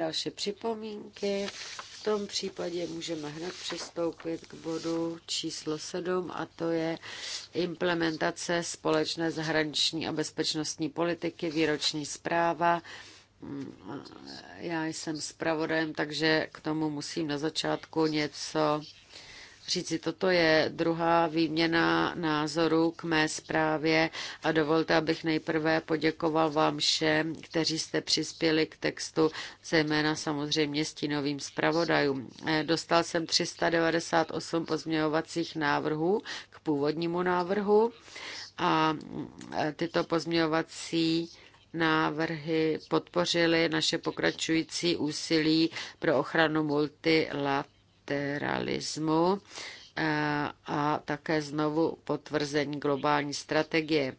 další připomínky. V tom případě můžeme hned přistoupit k bodu číslo 7 a to je implementace společné zahraniční a bezpečnostní politiky, výroční zpráva. Já jsem zpravodajem, takže k tomu musím na začátku něco říci, toto je druhá výměna názoru k mé zprávě a dovolte, abych nejprve poděkoval vám všem, kteří jste přispěli k textu, zejména samozřejmě stínovým zpravodajům. Eh, dostal jsem 398 pozměňovacích návrhů k původnímu návrhu a eh, tyto pozměňovací návrhy podpořily naše pokračující úsilí pro ochranu multilat multilateralismu eh, a také znovu potvrzení globální strategie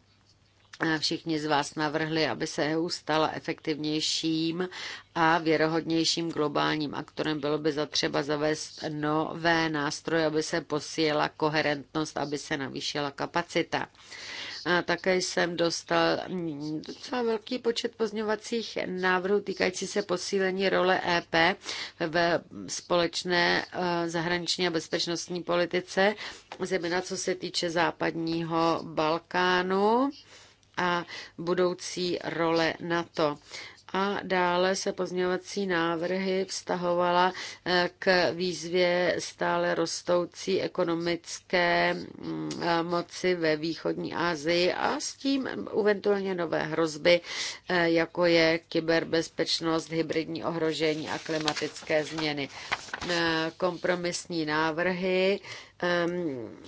eh, všichni z vás navrhli, aby se EU stala efektivnějším a věrohodnějším globálním aktorem. Bylo by zatřeba zavést nové nástroje, aby se posílila koherentnost, aby se navýšila kapacita. Také jsem dostal mm, docela velký počet pozňovacích návrhů týkající se posílení role EP ve společné eh, zahraniční a bezpečnostní politice, zejména co se týče západního Balkánu a budoucí role NATO. A dále se pozměňovací návrhy vztahovala eh, k výzvě stále rostoucí ekonomické mm, eh, moci ve východní Asii a s tím eventuálně nové hrozby, eh, jako je kyberbezpečnost, hybridní ohrožení a klimatické změny. Kompromisní návrhy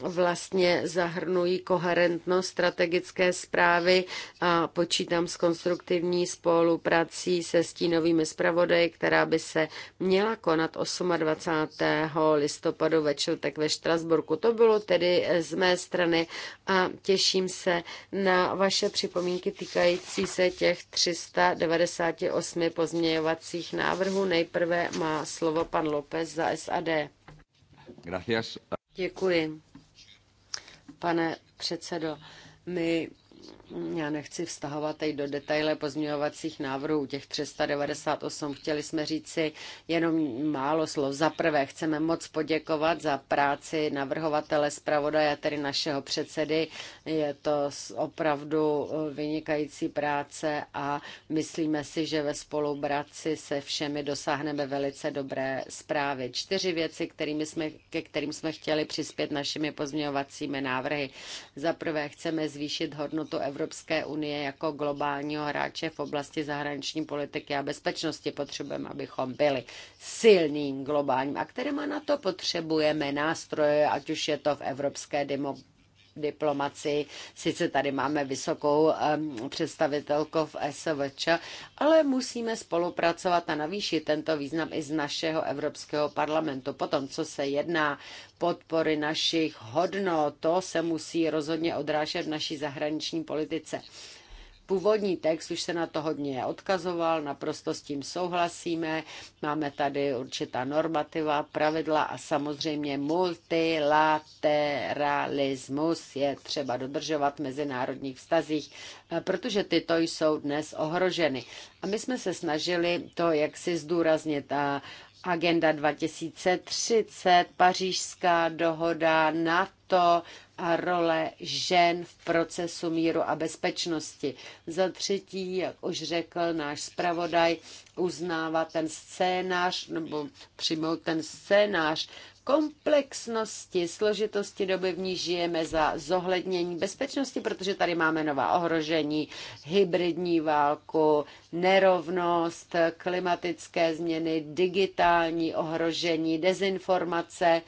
vlastně zahrnují koherentnost strategické zprávy a počítám s konstruktivní spoluprací se stínovými zpravodaji, která by se měla konat 28. listopadu ve čtvrtek ve Štrasburku. To bylo tedy eh, z mé strany a těším se na vaše připomínky týkající se těch 398 pozměňovacích návrhů. Nejprve má slovo pan López za SAD. Gracias. Děkuji, pane předsedo. My já nechci vztahovat teď do detaile pozměňovacích návrhů, těch 398. Chtěli jsme říci jenom málo slov. Za prvé chceme moc poděkovat za práci navrhovatele zpravodaje, tedy našeho předsedy. Je to opravdu eh, vynikající práce a myslíme si, že ve spolupráci se všemi dosáhneme velice dobré zprávy. Čtyři věci, kterými jsme, ke kterým jsme chtěli přispět našimi pozměňovacími návrhy. Za prvé chceme zvýšit hodnotu Evropské unie jako globálního hráče v oblasti zahraniční politiky a bezpečnosti. Potřebujeme, abychom byli silným globálním aktérem a na to potřebujeme nástroje, ať už je to v evropské diplomacii. Sice tady máme vysokou představitelku v SVČ, ale musíme spolupracovat a navýšit tento význam i z našeho Evropského parlamentu. Potom, co se jedná podpory našich hodnot, to se musí rozhodně odrážet v naší zahraniční politice. Původní text už se na to hodně odkazoval, naprosto s tím souhlasíme. Máme tady určitá normativa, pravidla a samozřejmě multilateralismus je třeba dodržovat v mezinárodních vztazích, eh, protože tyto jsou dnes ohroženy. A my jsme se snažili to, jak si zdůraznit a Agenda 2030, pařížská dohoda, NATO, NATO a role žen v procesu míru a bezpečnosti. Za třetí, jak už řekl náš zpravodaj, uznává ten scénář nebo přijmout ten scénář komplexnosti, složitosti doby, v ní žijeme, za zohlednění bezpečnosti, protože tady máme nová ohrožení, hybridní válku, nerovnost, klimatické změny, digitální ohrožení, dezinformace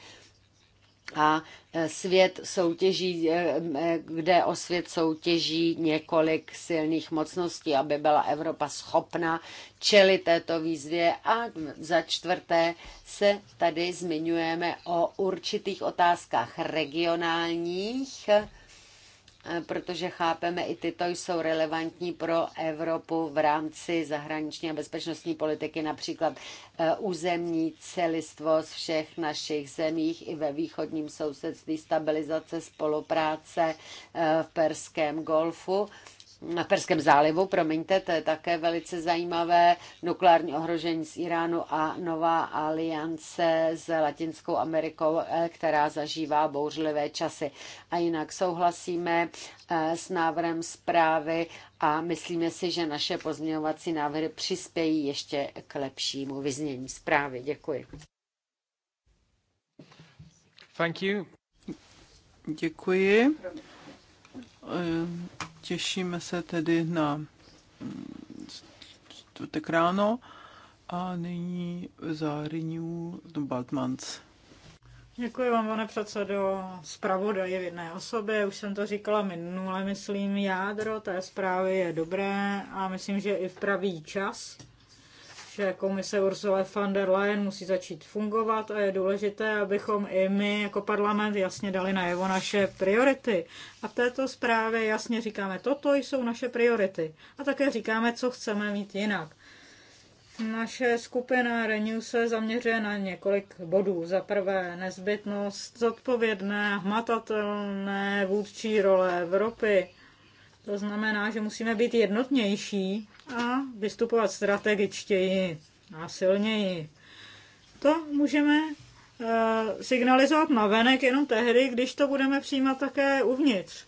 a e, svět soutěží, e, e, kde o svět soutěží několik silných mocností, aby byla Evropa schopna čelit této výzvě. A za čtvrté se tady zmiňujeme o určitých otázkách regionálních, Eh, protože chápeme, i tyto jsou relevantní pro Evropu v rámci zahraniční a bezpečnostní politiky, například eh, územní celistvost všech našich zemích i ve východním sousedství, stabilizace spolupráce eh, v Perském golfu na Perském zálivu, promiňte, to je také velice zajímavé, nukleární ohrožení z Iránu a nová aliance s Latinskou Amerikou, eh, která zažívá bouřlivé časy. A jinak souhlasíme eh, s návrhem zprávy a myslíme si, že naše pozměňovací návrhy přispějí ještě k lepšímu vyznění zprávy. Děkuji. Thank you. Děkuji. Těšíme se tedy na mm, čtvrtek ráno a nyní za Renew Baltmans. Děkuji vám, pane předsedo. Zpravodaj je v jedné osobě, už jsem to říkala minule, myslím, jádro té zprávy je dobré a myslím, že i v pravý čas že komise Ursula von der Leyen musí začít fungovat a je důležité, abychom i my jako parlament jasně dali najevo naše priority. A v této zprávě jasně říkáme, toto jsou naše priority. A také říkáme, co chceme mít jinak. Naše skupina Renew se zaměřuje na několik bodů. Za prvé nezbytnost zodpovědné, hmatatelné vůdčí role Evropy. To znamená, že musíme být jednotnější a vystupovat strategičtěji a silněji. To můžeme eh, signalizovat na venek jenom tehdy, když to budeme přijímat také uvnitř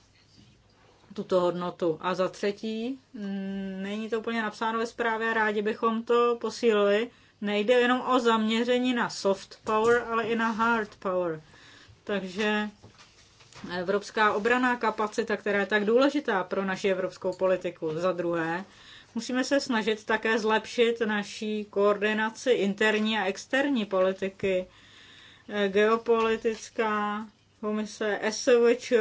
tuto hodnotu. A za třetí, mm, není to úplně napsáno ve zprávě, rádi bychom to posílili. Nejde jenom o zaměření na soft power, ale i na hard power. Takže evropská obraná kapacita, která je tak důležitá pro naši evropskou politiku. Za druhé, Musíme se snažit také zlepšit naší koordinaci interní a externí politiky, eh, geopolitická komise SOVČ,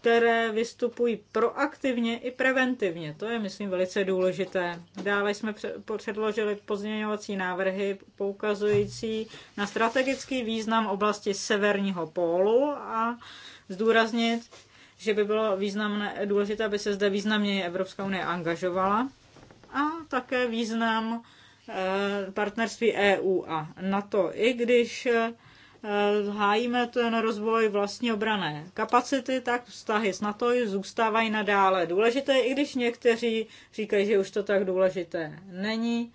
které vystupují proaktivně i preventivně. To je, myslím, velice důležité. Dále jsme předložili pozměňovací návrhy poukazující na strategický význam oblasti severního pólu a zdůraznit, že by bylo významné, důležité, aby se zde významně Evropská unie angažovala a také význam eh, partnerství EU a NATO. I když eh, hájíme ten rozvoj vlastní obrané kapacity, tak vztahy s NATO zůstávají nadále důležité, i když někteří říkají, že už to tak důležité není.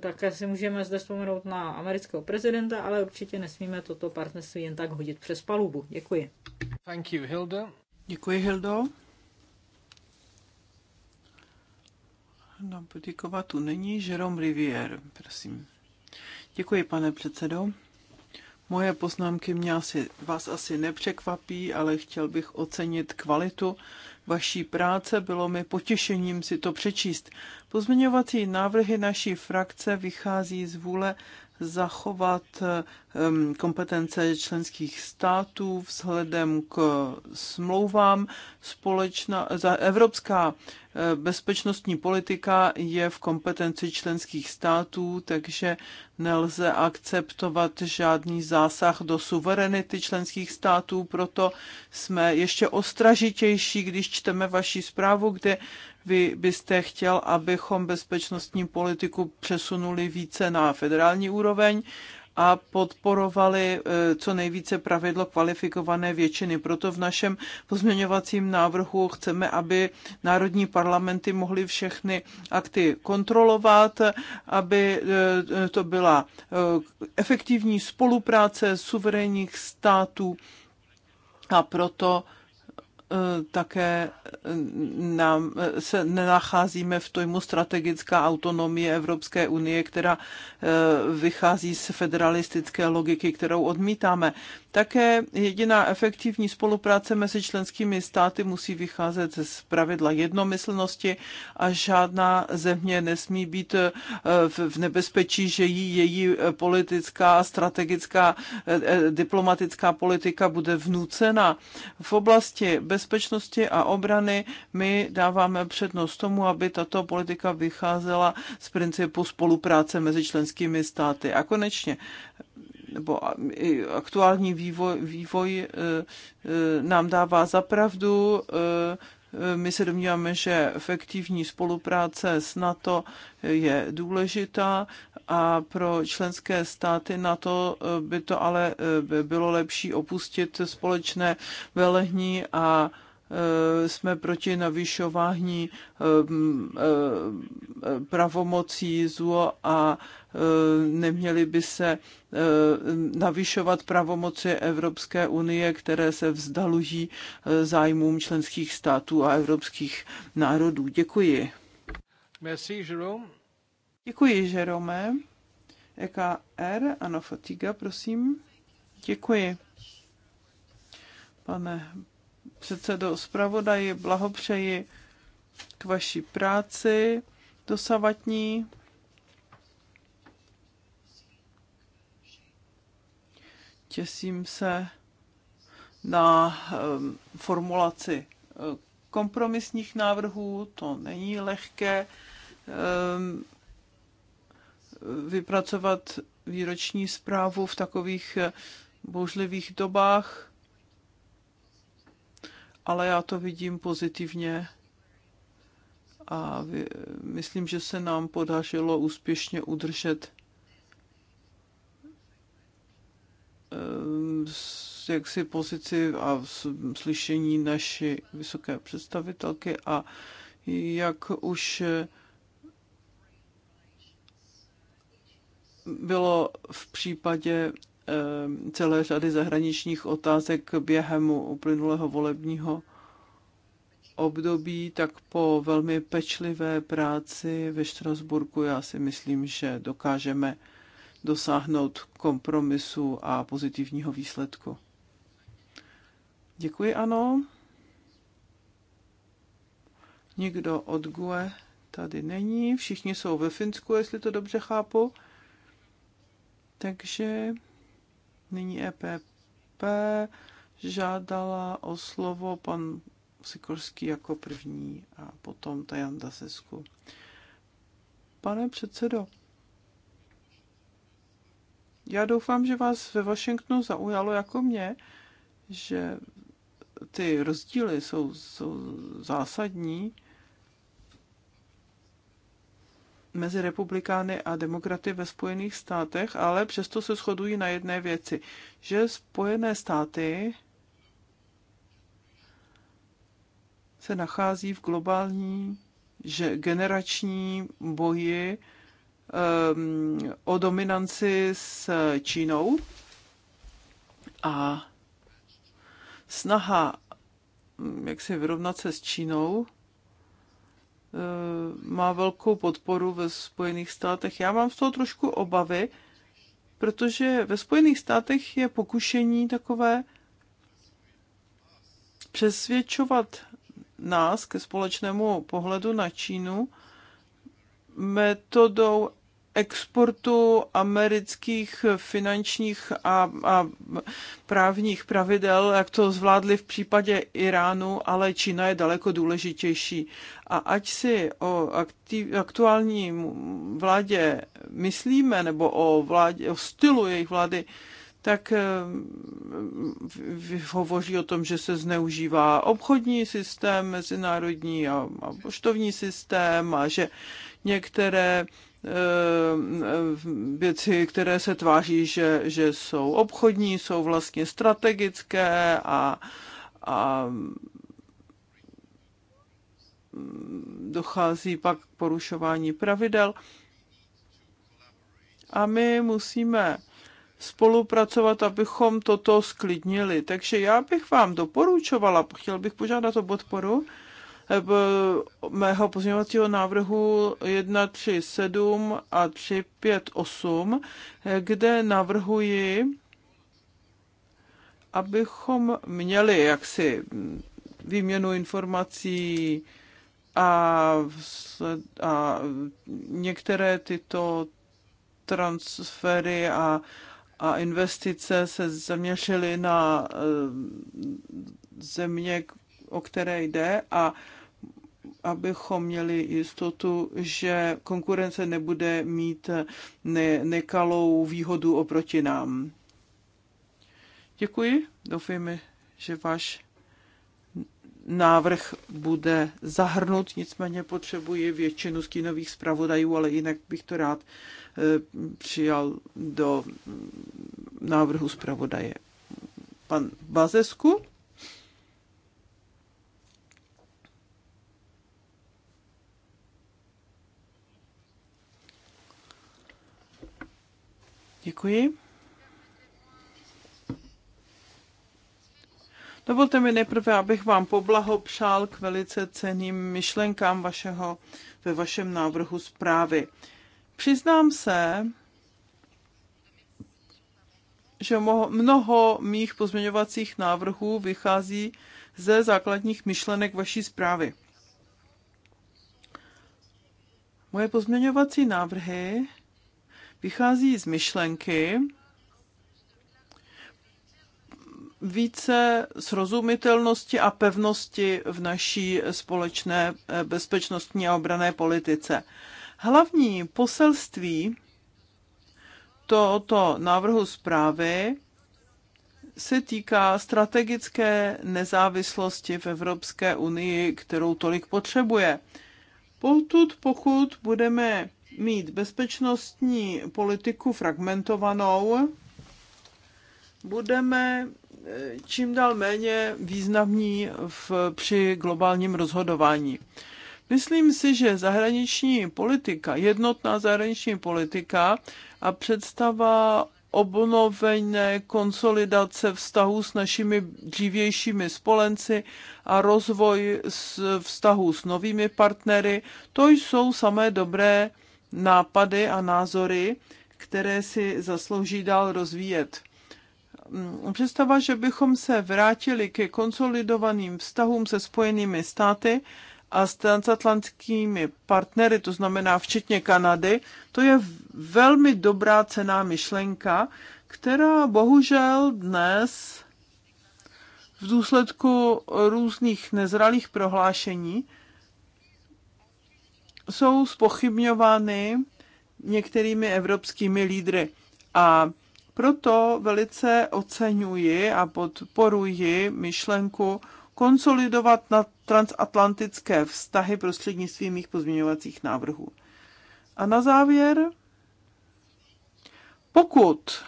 Také si můžeme zde vzpomenout na amerického prezidenta, ale určitě nesmíme toto partnerství jen tak hodit přes palubu. Děkuji. Thank you, Hilda. Děkuji, Hildo. No, Budíková tu není, Jerome Rivier, prosím. Děkuji, pane předsedo. Moje poznámky mě asi, vás asi nepřekvapí, ale chtěl bych ocenit kvalitu vaší práce. Bylo mi potěšením si to přečíst. Pozměňovací návrhy naší frakce vychází z vůle zachovat ehm, kompetence členských států vzhledem k smlouvám. Společná, za Evropská bezpečnostní politika je v kompetenci členských států, takže nelze akceptovat žádný zásah do suverenity členských států, proto jsme ještě ostražitější, když čteme vaši zprávu, kde vy byste chtěl, abychom bezpečnostní politiku přesunuli více na federální úroveň a podporovali eh, co nejvíce pravidlo kvalifikované většiny. Proto v našem pozměňovacím návrhu chceme, aby národní parlamenty mohly všechny akty kontrolovat, aby eh, to byla eh, efektivní spolupráce suverénních států a proto Eh, také eh, nám eh, se nenacházíme v tojmu strategická autonomie Evropské unie, která vychází z federalistické logiky, kterou odmítáme. Také jediná efektivní spolupráce mezi členskými státy musí vycházet z pravidla jednomyslnosti a žádná země nesmí být v nebezpečí, že jí její politická, strategická, diplomatická politika bude vnucena. V oblasti bez bezpečnosti a obrany my dáváme přednost tomu, aby tato politika vycházela z principu spolupráce mezi členskými státy. A konečně nebo aktuální vývoj, vývoj e, e, nám dává zapravdu. E, my se domníváme, že efektivní spolupráce s NATO je důležitá a pro členské státy na to eh, by to ale eh, bylo lepší opustit společné velehní a eh, jsme proti navyšování pravomocí ZUO a neměly by se navyšovat pravomoci Evropské unie, které se vzdalují zájmům členských států a evropských národů. Děkuji. Merci, Jerome. Děkuji, jaká e R? ano, Fatiga, prosím. Děkuji. Pane předsedo zpravodaji, blahopřeji k vaší práci dosavatní. Těsím se na ehm, formulaci ehm, kompromisních návrhů, to není lehké. Ehm, vypracovat výroční zprávu v takových bouřlivých dobách, ale já to vidím pozitivně a myslím, že se nám podařilo úspěšně udržet ehm, jaksi pozici a slyšení naší vysoké představitelky a jak už bylo v případě eh, celé řady zahraničních otázek během uplynulého volebního období, tak po velmi pečlivé práci ve Štrasburku já si myslím, že dokážeme dosáhnout kompromisu a pozitivního výsledku. Děkuji, ano. Nikdo od GUE tady není. Všichni jsou ve Finsku, jestli to dobře chápu. Takže nyní EPP žádala o slovo pan Sikorský jako první a potom Tajanda Sesku. Pane předsedo, já doufám, že vás ve Washingtonu zaujalo jako mě, že ty rozdíly jsou, jsou zásadní mezi republikány a demokraty ve Spojených státech, ale přesto se shodují na jedné věci, že Spojené státy se nachází v globální že generační boji um, o dominanci s Čínou a snaha mm, jak si vyrovnat se s Čínou Eh, má velkou podporu ve Spojených státech. Já mám z toho trošku obavy, protože ve Spojených státech je pokušení takové přesvědčovat nás ke společnému pohledu na Čínu metodou exportu amerických finančních a, a právních pravidel, jak to zvládli v případě Iránu, ale Čína je daleko důležitější. A ať si o aktiv, aktuální vládě myslíme, nebo o, vládě, o stylu jejich vlády, tak eh, hovoří o tom, že se zneužívá obchodní systém mezinárodní a, a poštovní systém a že některé Eh, věci, které se tváří, že, že jsou obchodní, jsou vlastně strategické a, a dochází pak k porušování pravidel. A my musíme spolupracovat, abychom toto sklidnili. Takže já bych vám doporučovala, chtěl bych požádat o podporu, Eh, mého pozměňovacího návrhu 1, 3, 7 a 3, 5, 8, kde navrhuji, abychom měli jaksi výměnu informací a, a některé tyto transfery a, a investice se zaměřily na eh, země, o které jde a abychom měli jistotu, že konkurence nebude mít ne- nekalou výhodu oproti nám. Děkuji. Doufejme, že váš návrh bude zahrnut, nicméně potřebuji většinu stínových zpravodajů, ale jinak bych to rád eh, přijal do mm, návrhu zpravodaje. Pan Bazesku? Děkuji. Dovolte mi nejprve, abych vám poblahopřál k velice ceným myšlenkám vašeho, ve vašem návrhu zprávy. Přiznám se, že mnoho mých pozměňovacích návrhů vychází ze základních myšlenek vaší zprávy. Moje pozměňovací návrhy vychází z myšlenky více srozumitelnosti a pevnosti v naší společné eh, bezpečnostní a obrané politice. Hlavní poselství tohoto návrhu zprávy se týká strategické nezávislosti v Evropské unii, kterou tolik potřebuje. Poutud, pokud budeme mít bezpečnostní politiku fragmentovanou, budeme eh, čím dál méně významní v, při globálním rozhodování. Myslím si, že zahraniční politika, jednotná zahraniční politika a představa obnovené konsolidace vztahů s našimi dřívějšími spolenci a rozvoj vztahů s novými partnery, to jsou samé dobré nápady a názory, které si zaslouží dál rozvíjet. Mm, představa, že bychom se vrátili ke konsolidovaným vztahům se Spojenými státy a s transatlantskými partnery, to znamená včetně Kanady, to je velmi dobrá cená myšlenka, která bohužel dnes v důsledku různých nezralých prohlášení jsou spochybňovány některými evropskými lídry. A proto velice oceňuji a podporuji myšlenku konsolidovat na transatlantické vztahy prostřednictvím mých pozměňovacích návrhů. A na závěr, pokud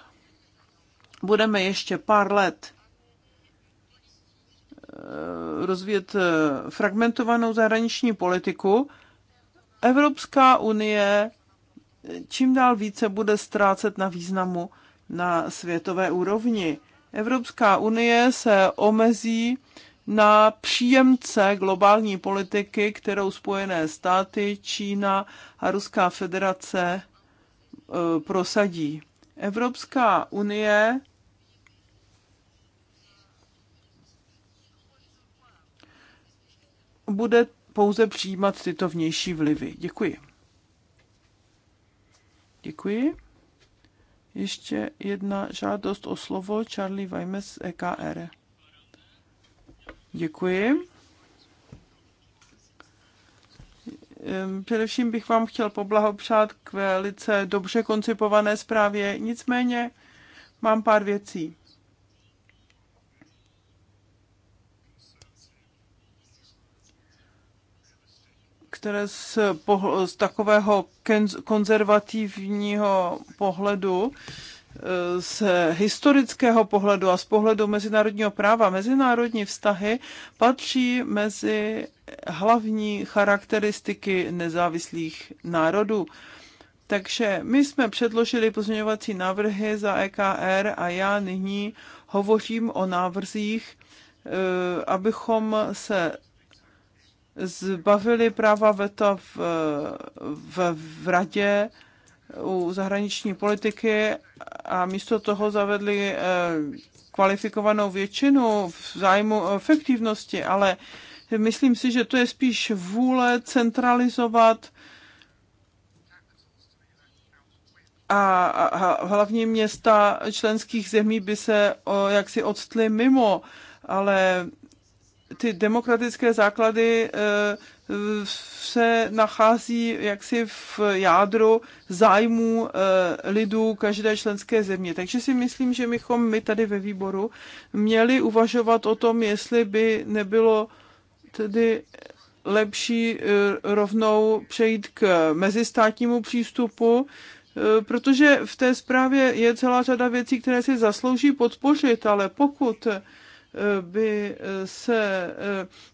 budeme ještě pár let eh, rozvíjet eh, fragmentovanou zahraniční politiku, Evropská unie čím dál více bude ztrácet na významu na světové úrovni. Evropská unie se omezí na příjemce globální politiky, kterou Spojené státy, Čína a Ruská federace e, prosadí. Evropská unie bude pouze přijímat tyto vnější vlivy. Děkuji. Děkuji. Ještě jedna žádost o slovo Charlie Weimes EKR. Děkuji. Ehm, především bych vám chtěl poblahopřát k velice dobře koncipované zprávě, nicméně mám pár věcí. které z, pohl- z takového konzervativního pohledu, eh, z historického pohledu a z pohledu mezinárodního práva, mezinárodní vztahy patří mezi hlavní charakteristiky nezávislých národů. Takže my jsme předložili pozměňovací návrhy za EKR a já nyní hovořím o návrzích, eh, abychom se zbavili práva veta v, v, v radě u zahraniční politiky a místo toho zavedli eh, kvalifikovanou většinu v zájmu efektivnosti, ale myslím si, že to je spíš vůle centralizovat a, a hlavní města členských zemí by se o, jaksi odstly mimo, ale ty demokratické základy eh, se nachází jaksi v jádru zájmu eh, lidů každé členské země. Takže si myslím, že bychom my tady ve výboru měli uvažovat o tom, jestli by nebylo tedy lepší eh, rovnou přejít k mezistátnímu přístupu, protože v té zprávě je celá řada věcí, které si zaslouží podpořit, ale pokud by se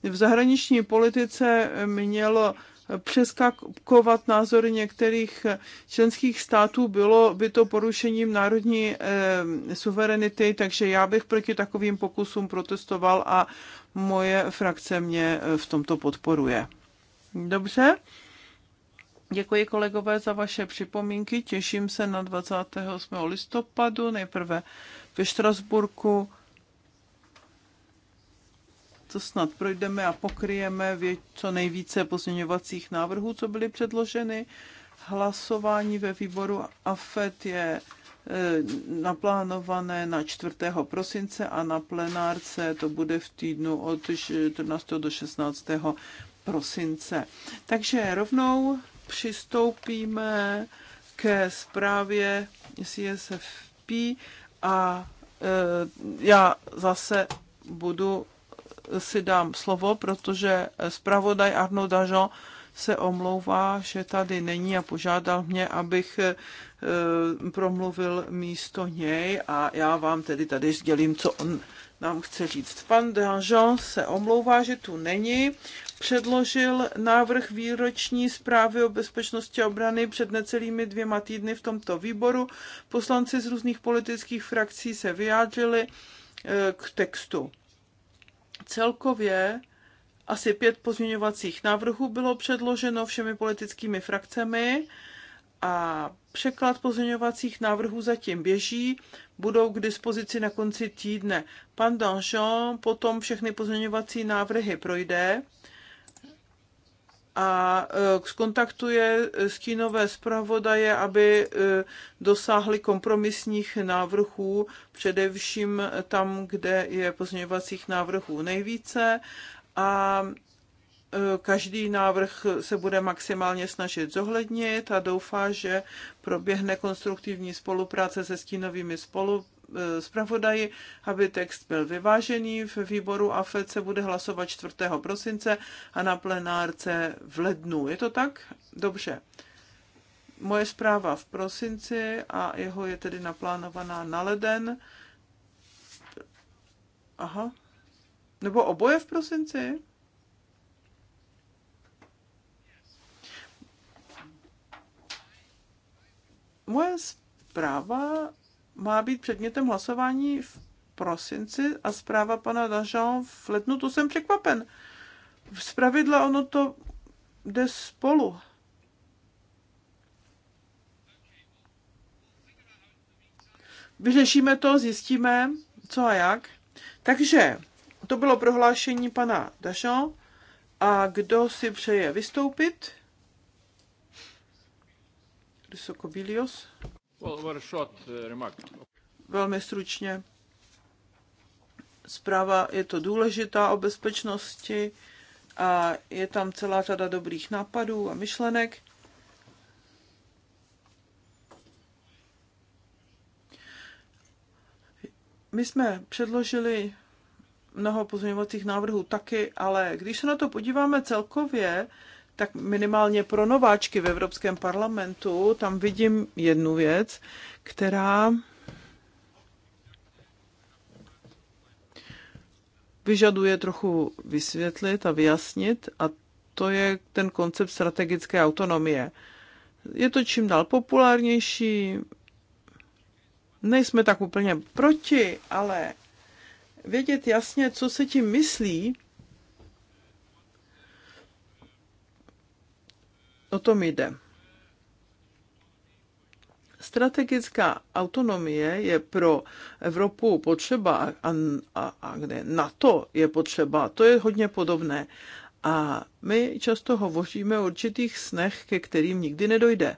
eh, v zahraniční politice mělo přeskakovat názory některých členských států, bylo by to porušením národní eh, suverenity, takže já bych proti takovým pokusům protestoval a moje frakce mě eh, v tomto podporuje. Dobře? Děkuji kolegové za vaše připomínky. Těším se na 28. listopadu, nejprve ve Štrasburku to snad projdeme a pokryjeme co nejvíce pozměňovacích návrhů, co byly předloženy. Hlasování ve výboru AFET je e, naplánované na 4. prosince a na plenárce to bude v týdnu od 14. do 16. prosince. Takže rovnou přistoupíme ke zprávě CSFP a e, já zase budu si dám slovo, protože zpravodaj Arno Dažon se omlouvá, že tady není a požádal mě, abych eh, promluvil místo něj a já vám tedy tady sdělím, co on nám chce říct. Pan Danjean se omlouvá, že tu není. Předložil návrh výroční zprávy o bezpečnosti obrany před necelými dvěma týdny v tomto výboru. Poslanci z různých politických frakcí se vyjádřili eh, k textu celkově asi pět pozměňovacích návrhů bylo předloženo všemi politickými frakcemi a překlad pozměňovacích návrhů zatím běží, budou k dispozici na konci týdne. Pan Danjean potom všechny pozměňovací návrhy projde a e, skontaktuje stínové zpravodaje, aby e, dosáhli kompromisních návrhů, především tam, kde je pozměňovacích návrhů nejvíce a e, každý návrh se bude maximálně snažit zohlednit a doufá, že proběhne konstruktivní spolupráce se stínovými spolu, Eh, zpravodaji, aby text byl vyvážený. V výboru AFED se bude hlasovat 4. prosince a na plenárce v lednu. Je to tak? Dobře. Moje zpráva v prosinci a jeho je tedy naplánovaná na leden. Aha. Nebo oboje v prosinci? Moje zpráva má být předmětem hlasování v prosinci a zpráva pana Dažan v letnu, to jsem překvapen. Z pravidla ono to jde spolu. Vyřešíme to, zjistíme, co a jak. Takže to bylo prohlášení pana Dažan. A kdo si přeje vystoupit? Risokobilios. Uh, Velmi stručně. Zpráva je to důležitá o bezpečnosti a je tam celá řada dobrých nápadů a myšlenek. My jsme předložili mnoho pozměňovacích návrhů taky, ale když se na to podíváme celkově, tak minimálně pro nováčky v Evropském parlamentu, tam vidím jednu věc, která vyžaduje trochu vysvětlit a vyjasnit a to je ten koncept strategické autonomie. Je to čím dál populárnější, nejsme tak úplně proti, ale vědět jasně, co se tím myslí, O tom jde. Strategická autonomie je pro Evropu potřeba a, a, a kde to je potřeba, to je hodně podobné. A my často hovoříme o určitých snech, ke kterým nikdy nedojde.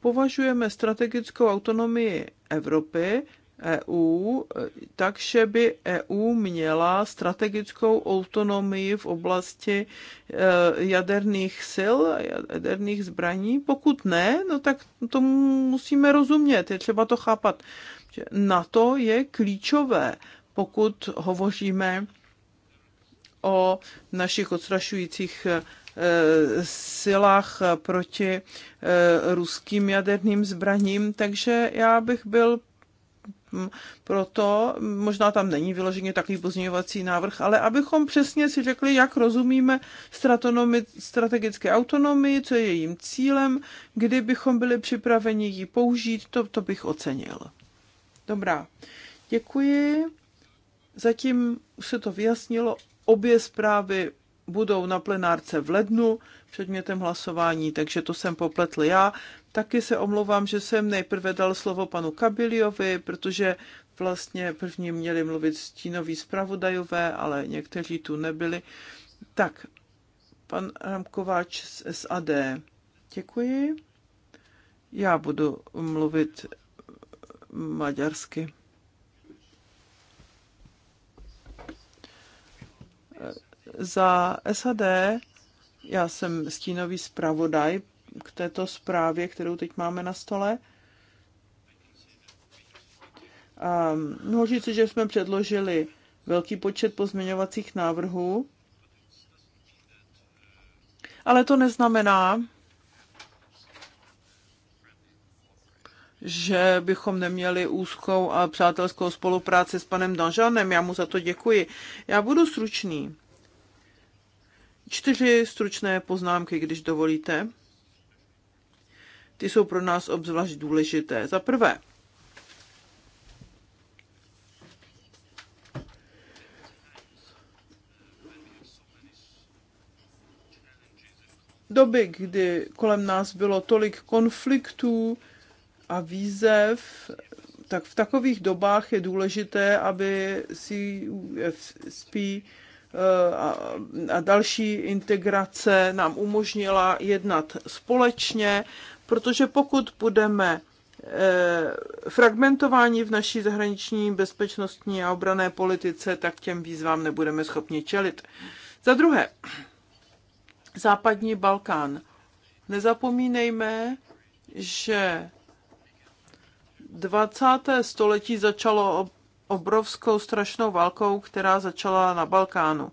Považujeme strategickou autonomii Evropy E, EU, e, takže by EU měla strategickou autonomii v oblasti e, jaderných sil a jaderných zbraní. Pokud ne, no tak tomu musíme rozumět, je třeba to chápat. Na to je klíčové, pokud hovoříme o našich odstrašujících silách proti ruským jaderným zbraním, takže já bych byl proto, možná tam není vyloženě takový pozměňovací návrh, ale abychom přesně si řekli, jak rozumíme strategické autonomii, co je jejím cílem, kdybychom byli připraveni ji použít, to, to bych ocenil. Dobrá, děkuji. Zatím už se to vyjasnilo, obě zprávy budou na plenárce v lednu předmětem hlasování, takže to jsem popletl já. Taky se omlouvám, že jsem nejprve dal slovo panu Kabiliovi, protože vlastně první měli mluvit stínoví zpravodajové, ale někteří tu nebyli. Tak, pan Ramkováč z SAD. Děkuji. Já budu mluvit maďarsky. Za SAD já jsem stínový zpravodaj k této zprávě, kterou teď máme na stole. A mohu říct, že jsme předložili velký počet pozměňovacích návrhů, ale to neznamená, že bychom neměli úzkou a přátelskou spolupráci s panem Danžanem. Já mu za to děkuji. Já budu stručný čtyři stručné poznámky, když dovolíte. Ty jsou pro nás obzvlášť důležité. Za prvé, doby, kdy kolem nás bylo tolik konfliktů a výzev, tak v takových dobách je důležité, aby CFSP a další integrace nám umožnila jednat společně, protože pokud budeme e, fragmentování v naší zahraniční bezpečnostní a obrané politice, tak těm výzvám nebudeme schopni čelit. Za druhé, západní Balkán. Nezapomínejme, že 20. století začalo obrovskou strašnou válkou, která začala na Balkánu.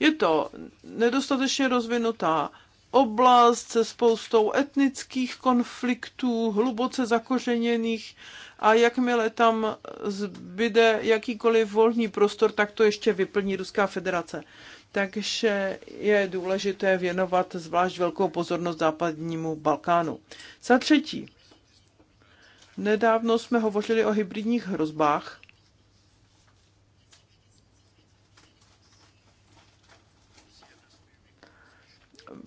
Je to nedostatečně rozvinutá oblast se spoustou etnických konfliktů, hluboce zakořeněných a jakmile tam zbyde jakýkoliv volný prostor, tak to ještě vyplní Ruská federace. Takže je důležité věnovat zvlášť velkou pozornost západnímu Balkánu. Za třetí, nedávno jsme hovořili o hybridních hrozbách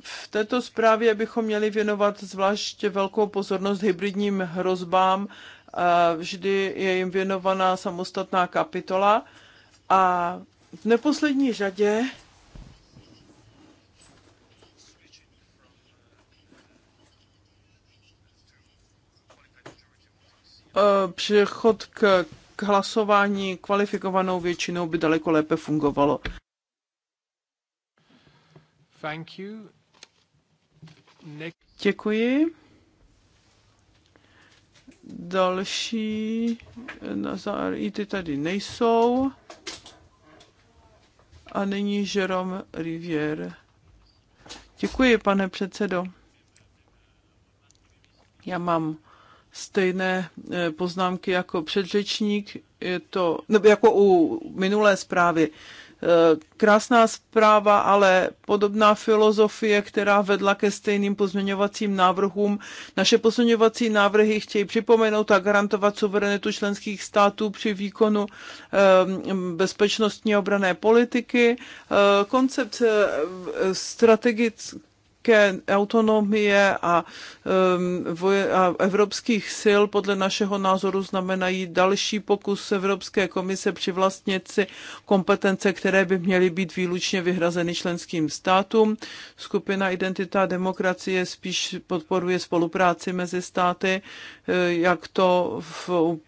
V této zprávě bychom měli věnovat zvlášť velkou pozornost hybridním hrozbám. Vždy je jim věnovaná samostatná kapitola. A v neposlední řadě e, přechod k, k hlasování kvalifikovanou většinou by daleko lépe fungovalo. Thank you. Děkuji. Další za ty tady nejsou. A není Jerome Rivier. Děkuji, pane předsedo. Já mám stejné eh, poznámky jako předřečník, je to, nebo jako u minulé zprávy. Eh, krásná zpráva, ale podobná filozofie, která vedla ke stejným pozměňovacím návrhům. Naše pozměňovací návrhy chtějí připomenout a garantovat suverenitu členských států při výkonu ehm, bezpečnostní obrané politiky. Eh, koncept eh, strategické ke autonomie a, um, voje, a evropských sil podle našeho názoru znamenají další pokus Evropské komise přivlastnit si kompetence, které by měly být výlučně vyhrazeny členským státům. Skupina Identita a demokracie spíš podporuje spolupráci mezi státy, eh, jak to v, eh,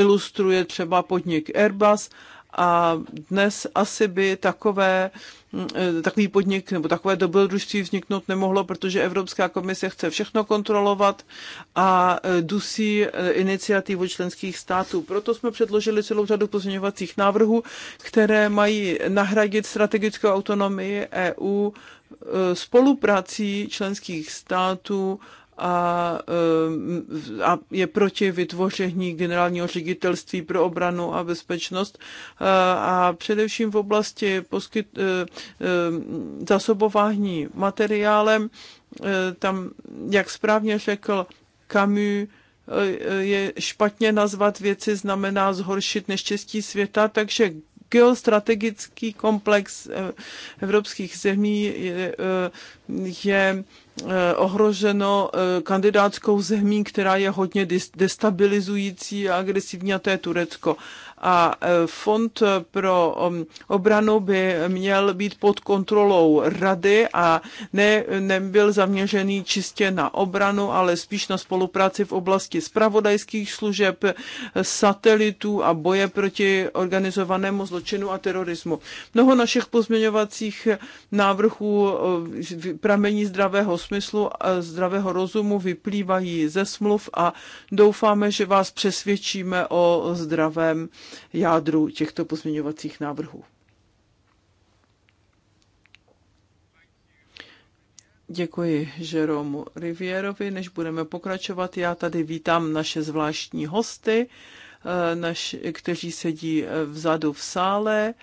ilustruje třeba podnik Airbus a dnes asi by takové, mm, takový podnik nebo takové dobrodružství vzniknout nemohlo, protože Evropská komise chce všechno kontrolovat a e, dusí e, iniciativu členských států. Proto jsme předložili celou řadu pozměňovacích návrhů, které mají nahradit strategickou autonomii EU e, spoluprací členských států a, eh, a je proti vytvoření generálního ředitelství pro obranu a bezpečnost eh, a především v oblasti poskyt, eh, zasobování materiálem. Tam, jak správně řekl Camus, je špatně nazvat věci znamená zhoršit neštěstí světa, takže geostrategický komplex eh, evropských zemí je, eh, eh, ohroženo kandidátskou zemí, která je hodně destabilizující a agresivní, a to je Turecko a e, fond pro um, obranu by měl být pod kontrolou rady a ne, nebyl zaměřený čistě na obranu, ale spíš na spolupráci v oblasti spravodajských služeb, satelitů a boje proti organizovanému zločinu a terorismu. Mnoho našich pozměňovacích návrhů e, pramení zdravého smyslu a zdravého rozumu vyplývají ze smluv a doufáme, že vás přesvědčíme o zdravém jádru těchto pozměňovacích návrhů. Děkuji Žeromu Rivierovi. Než budeme pokračovat, já tady vítám naše zvláštní hosty, eh, naš, kteří sedí eh, vzadu v sále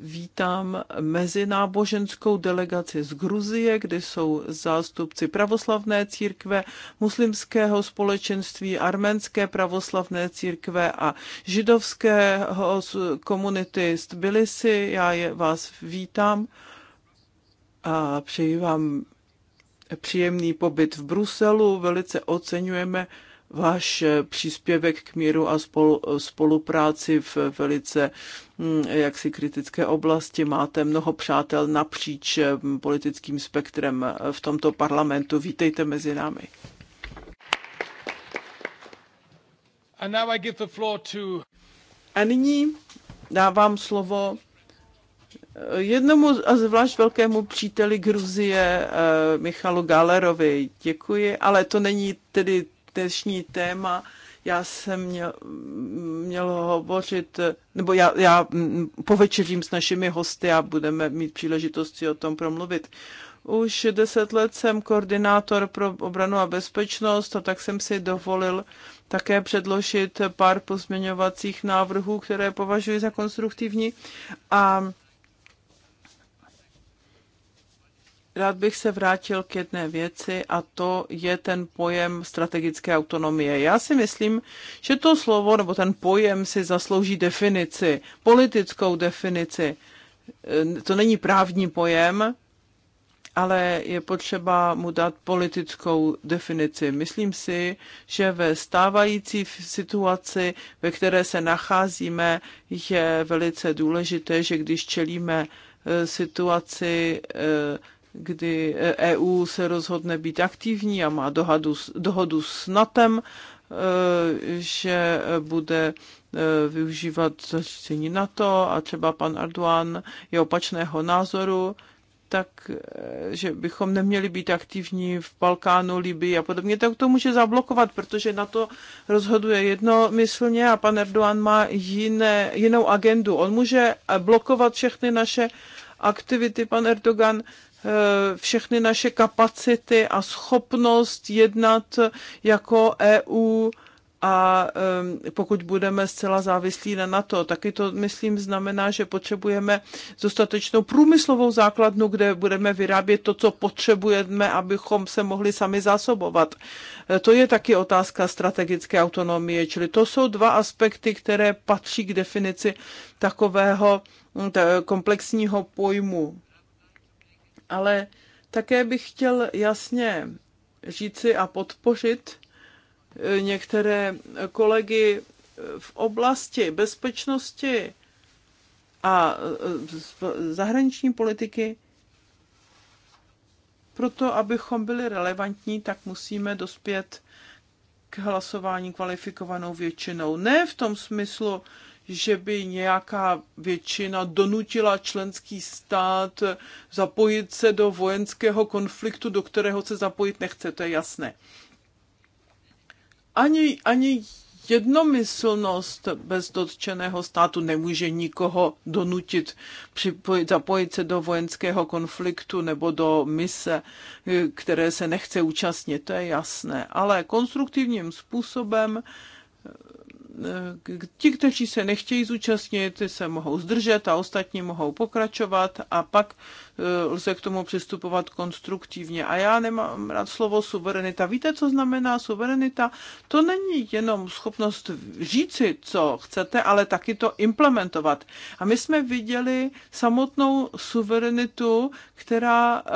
vítám mezináboženskou delegaci z Gruzie, kde jsou zástupci pravoslavné církve, muslimského společenství, arménské pravoslavné církve a židovské komunity z Tbilisi. Já je vás vítám a přeji vám příjemný pobyt v Bruselu. Velice oceňujeme váš eh, příspěvek k míru a spolupráci v velice hm, jaksi kritické oblasti. Máte mnoho přátel napříč eh, politickým spektrem eh, v tomto parlamentu. Vítejte mezi námi. A nyní dávám slovo jednomu a zvlášť velkému příteli Gruzie Michalu Galerovi. Děkuji, ale to není tedy dnešní téma. Já jsem měl, měl hovořit, nebo já, já mm, povečeřím s našimi hosty a budeme mít příležitost si o tom promluvit. Už deset let jsem koordinátor pro obranu a bezpečnost a tak jsem si dovolil také předložit pár pozměňovacích návrhů, které považuji za konstruktivní. A Rád bych se vrátil k jedné věci a to je ten pojem strategické autonomie. Já si myslím, že to slovo nebo ten pojem si zaslouží definici, politickou definici. E, to není právní pojem, ale je potřeba mu dát politickou definici. Myslím si, že ve stávající situaci, ve které se nacházíme, je velice důležité, že když čelíme e, situaci e, kdy EU se rozhodne být aktivní a má dohadu, dohodu s NATem, e, že bude e, využívat zařízení NATO a třeba pan Arduan je opačného názoru, tak e, že bychom neměli být aktivní v Balkánu, Libii a podobně, tak to může zablokovat, protože na to rozhoduje jednomyslně a pan Erdogan má jiné, jinou agendu. On může blokovat všechny naše aktivity, pan Erdogan Eh, všechny naše kapacity a schopnost jednat jako EU a eh, pokud budeme zcela závislí na NATO, taky to, myslím, znamená, že potřebujeme dostatečnou průmyslovou základnu, kde budeme vyrábět to, co potřebujeme, abychom se mohli sami zásobovat. Eh, to je taky otázka strategické autonomie, čili to jsou dva aspekty, které patří k definici takového hm, komplexního pojmu ale také bych chtěl jasně říci a podpořit eh, některé kolegy eh, v oblasti bezpečnosti a eh, zahraniční politiky. Proto, abychom byli relevantní, tak musíme dospět k hlasování kvalifikovanou většinou. Ne v tom smyslu, že by nějaká většina donutila členský stát zapojit se do vojenského konfliktu, do kterého se zapojit nechce, to je jasné. Ani, ani jednomyslnost bez dotčeného státu nemůže nikoho donutit připojit, zapojit se do vojenského konfliktu nebo do mise, které se nechce účastnit, to je jasné. Ale konstruktivním způsobem Eh, ti, kteří se nechtějí zúčastnit, ty se mohou zdržet a ostatní mohou pokračovat a pak eh, lze k tomu přistupovat konstruktivně. A já nemám rád slovo suverenita. Víte, co znamená suverenita? To není jenom schopnost říci, co chcete, ale taky to implementovat. A my jsme viděli samotnou suverenitu, která eh,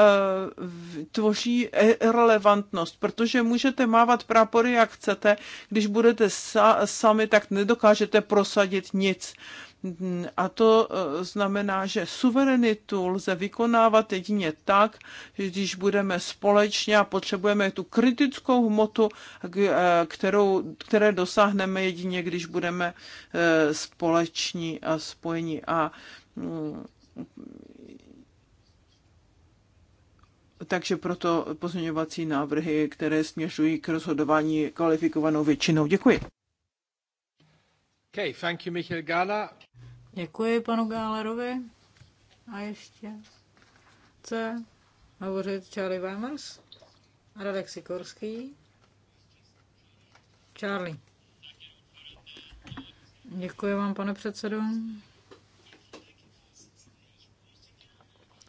tvoří e- relevantnost, protože můžete mávat prápory, jak chcete, když budete sami tak nedokážete prosadit nic. A to e, znamená, že suverenitu lze vykonávat jedině tak, že když budeme společně a potřebujeme tu kritickou hmotu, e, kterou, které dosáhneme jedině, když budeme e, společní a spojení. A mm, takže proto pozměňovací návrhy, které směřují k rozhodování kvalifikovanou většinou. Děkuji. Okay, thank you, Michael Gala. Děkuji panu Gálerovi. A ještě chce hovořit Charlie Weimers, Radek Sikorský, Charlie. Děkuji vám, pane předsedo.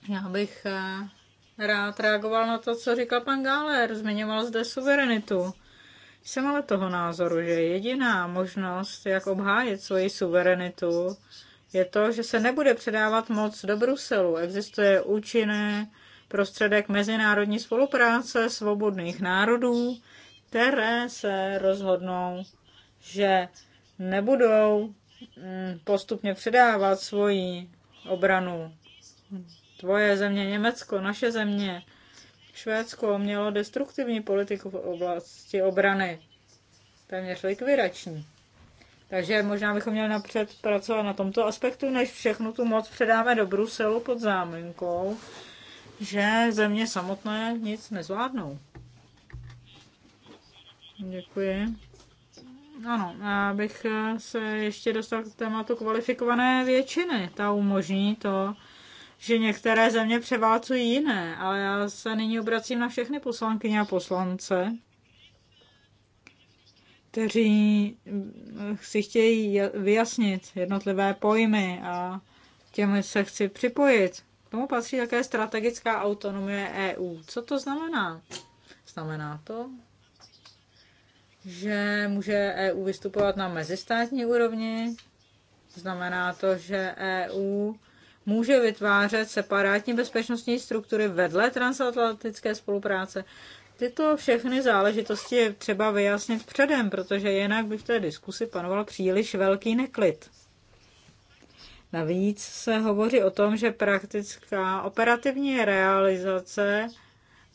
Já bych eh, rád reagoval na to, co říkal pan Gáler. Zmiňoval zde suverenitu. Jsem ale toho názoru, že jediná možnost, jak obhájit svoji suverenitu, je to, že se nebude předávat moc do Bruselu. Existuje účinné prostředek mezinárodní spolupráce svobodných národů, které se rozhodnou, že nebudou mm, postupně předávat svoji obranu. Tvoje země, Německo, naše země, Švédsko mělo destruktivní politiku v oblasti obrany, téměř likvidační. Takže možná bychom měli napřed pracovat na tomto aspektu, než všechnu tu moc předáme do Bruselu pod záminkou, že země samotné nic nezvládnou. Děkuji. Ano, já bych se ještě dostal k tématu kvalifikované většiny. Ta umožní to, že některé země převálcují jiné, ale já se nyní obracím na všechny poslankyně a poslance, kteří eh, si chtějí vyjasnit jednotlivé pojmy a těmi se chci připojit. K tomu patří také strategická autonomie EU. Co to znamená? Znamená to, že může EU vystupovat na mezistátní úrovni, znamená to, že EU může vytvářet separátní bezpečnostní struktury vedle transatlantické spolupráce. Tyto všechny záležitosti je třeba vyjasnit předem, protože jinak by v té diskusi panoval příliš velký neklid. Navíc se hovoří o tom, že praktická operativní realizace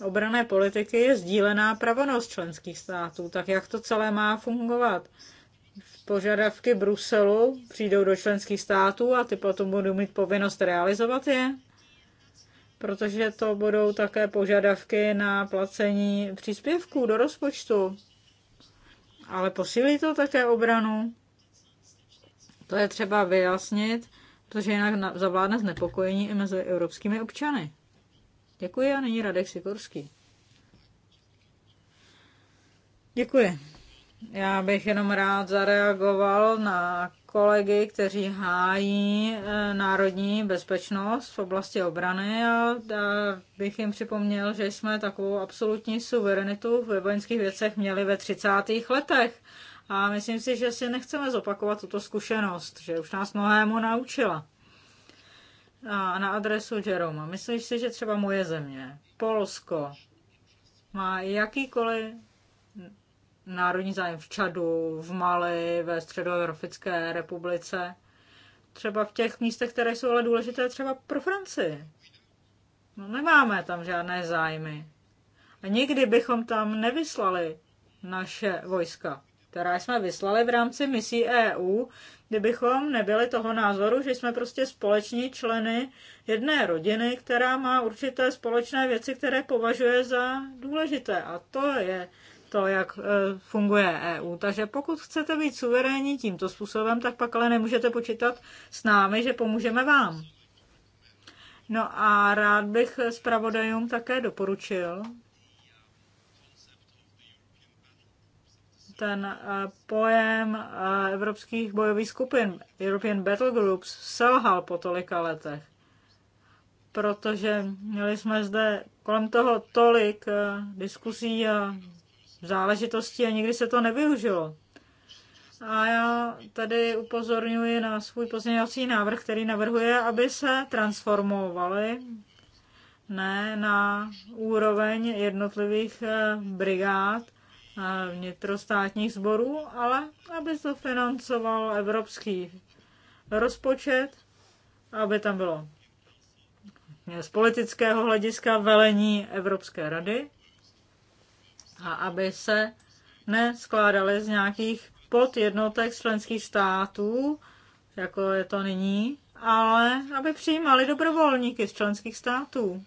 obrané politiky je sdílená pravonost členských států, tak jak to celé má fungovat požadavky Bruselu přijdou do členských států a ty potom budou mít povinnost realizovat je? Protože to budou také požadavky na placení příspěvků do rozpočtu. Ale posílí to také obranu? To je třeba vyjasnit, protože jinak zavládne znepokojení i mezi evropskými občany. Děkuji a nyní Radek Sikorský. Děkuji. Já bych jenom rád zareagoval na kolegy, kteří hájí eh, národní bezpečnost v oblasti obrany a bych jim připomněl, že jsme takovou absolutní suverenitu ve vojenských věcech měli ve 30. letech. A myslím si, že si nechceme zopakovat tuto zkušenost, že už nás mnohému naučila. A na adresu Jeroma. Myslíš si, že třeba moje země, Polsko, má jakýkoliv národní zájem v Čadu, v Mali, ve Středoevropské republice. Třeba v těch místech, které jsou ale důležité třeba pro Francii. No nemáme tam žádné zájmy. A nikdy bychom tam nevyslali naše vojska, která jsme vyslali v rámci misí EU, kdybychom nebyli toho názoru, že jsme prostě společní členy jedné rodiny, která má určité společné věci, které považuje za důležité. A to je to, jak e, funguje EU. Takže pokud chcete být suverénní tímto způsobem, tak pak ale nemůžete počítat s námi, že pomůžeme vám. No a rád bych zpravodajům také doporučil ten e, pojem e, evropských bojových skupin, European Battle Groups, selhal po tolika letech. Protože měli jsme zde kolem toho tolik diskusí a záležitosti a nikdy se to nevyužilo. A já tady upozorňuji na svůj pozměňovací návrh, který navrhuje, aby se transformovaly ne na úroveň jednotlivých eh, brigád eh, vnitrostátních sborů, ale aby to financoval evropský rozpočet, aby tam bylo z politického hlediska velení Evropské rady a aby se neskládaly z nějakých podjednotek členských států, jako je to nyní, ale aby přijímali dobrovolníky z členských států.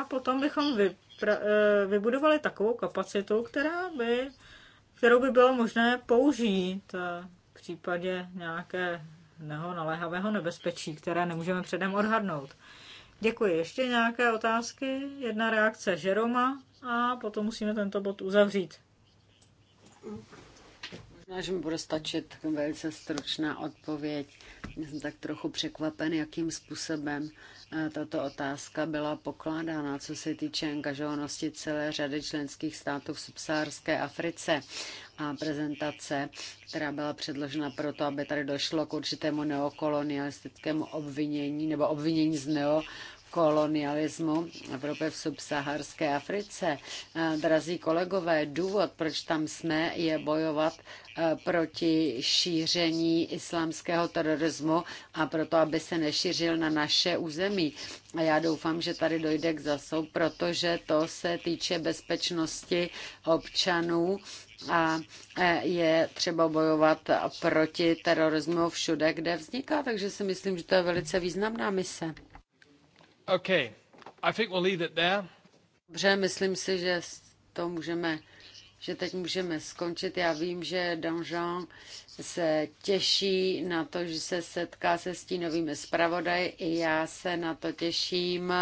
A potom bychom vypra- eh, vybudovali takovou kapacitu, která by, kterou by bylo možné použít eh, v případě nějakého naléhavého nebezpečí, které nemůžeme předem odhadnout. Děkuji. Ještě nějaké otázky? Jedna reakce Žeroma a potom musíme tento bod uzavřít. Možná, že mi bude stačit velice stručná odpověď. Jsem tak trochu překvapen, jakým způsobem eh, tato otázka byla pokládána, co se týče angažovanosti celé řady členských států v subsahárské Africe a prezentace, která byla předložena proto, aby tady došlo k určitému neokolonialistickému obvinění nebo obvinění z neo kolonialismu Evropy v subsaharské Africe. Drazí kolegové, důvod, proč tam jsme, je bojovat proti šíření islámského terorismu a proto, aby se nešířil na naše území. A já doufám, že tady dojde k zasou, protože to se týče bezpečnosti občanů a je třeba bojovat proti terorismu všude, kde vzniká. Takže si myslím, že to je velice významná mise. Okay. I think we'll leave it there. Dobře, myslím si, že to můžeme, že teď můžeme skončit. Já vím, že Danjean se těší na to, že se setká se stínovými zpravodaj. I já se na to těším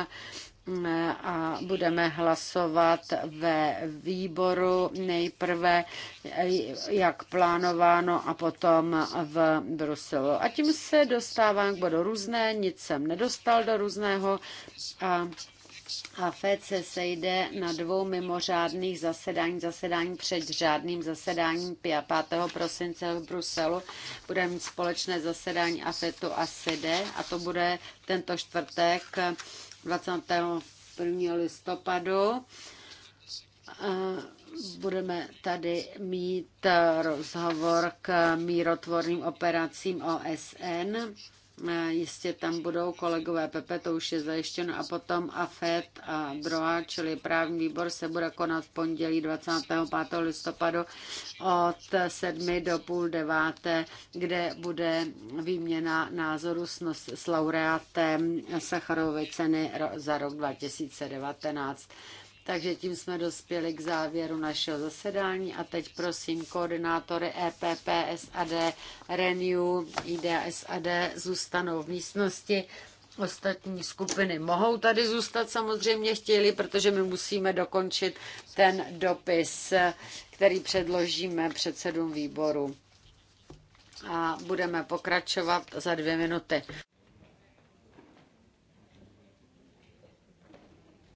a budeme hlasovat ve výboru nejprve, jak plánováno, a potom v Bruselu. A tím se dostávám k bodu různé, nic jsem nedostal do různého a a FEC se jde na dvou mimořádných zasedání, zasedání před řádným zasedáním 5. prosince v Bruselu. Bude mít společné zasedání AFETu a SEDE a to bude tento čtvrtek 21. listopadu. Budeme tady mít eh, rozhovor k mírotvorným operacím OSN Eh, jistě tam budou kolegové Pepe, to už je zajištěno, a potom AFET a DROA, čili právní výbor, se bude konat v pondělí 25. listopadu od 7 do půl deváté, kde bude výměna názoru s, nos, s laureátem Sacharovy ceny za rok 2019. Takže tím jsme dospěli k závěru našeho zasedání a teď prosím koordinátory EPP, SAD, Renew, IDSAD SAD zůstanou v místnosti. Ostatní skupiny mohou tady zůstat samozřejmě chtěli, protože my musíme dokončit ten dopis, který předložíme předsedům výboru. A budeme pokračovat za dvě minuty.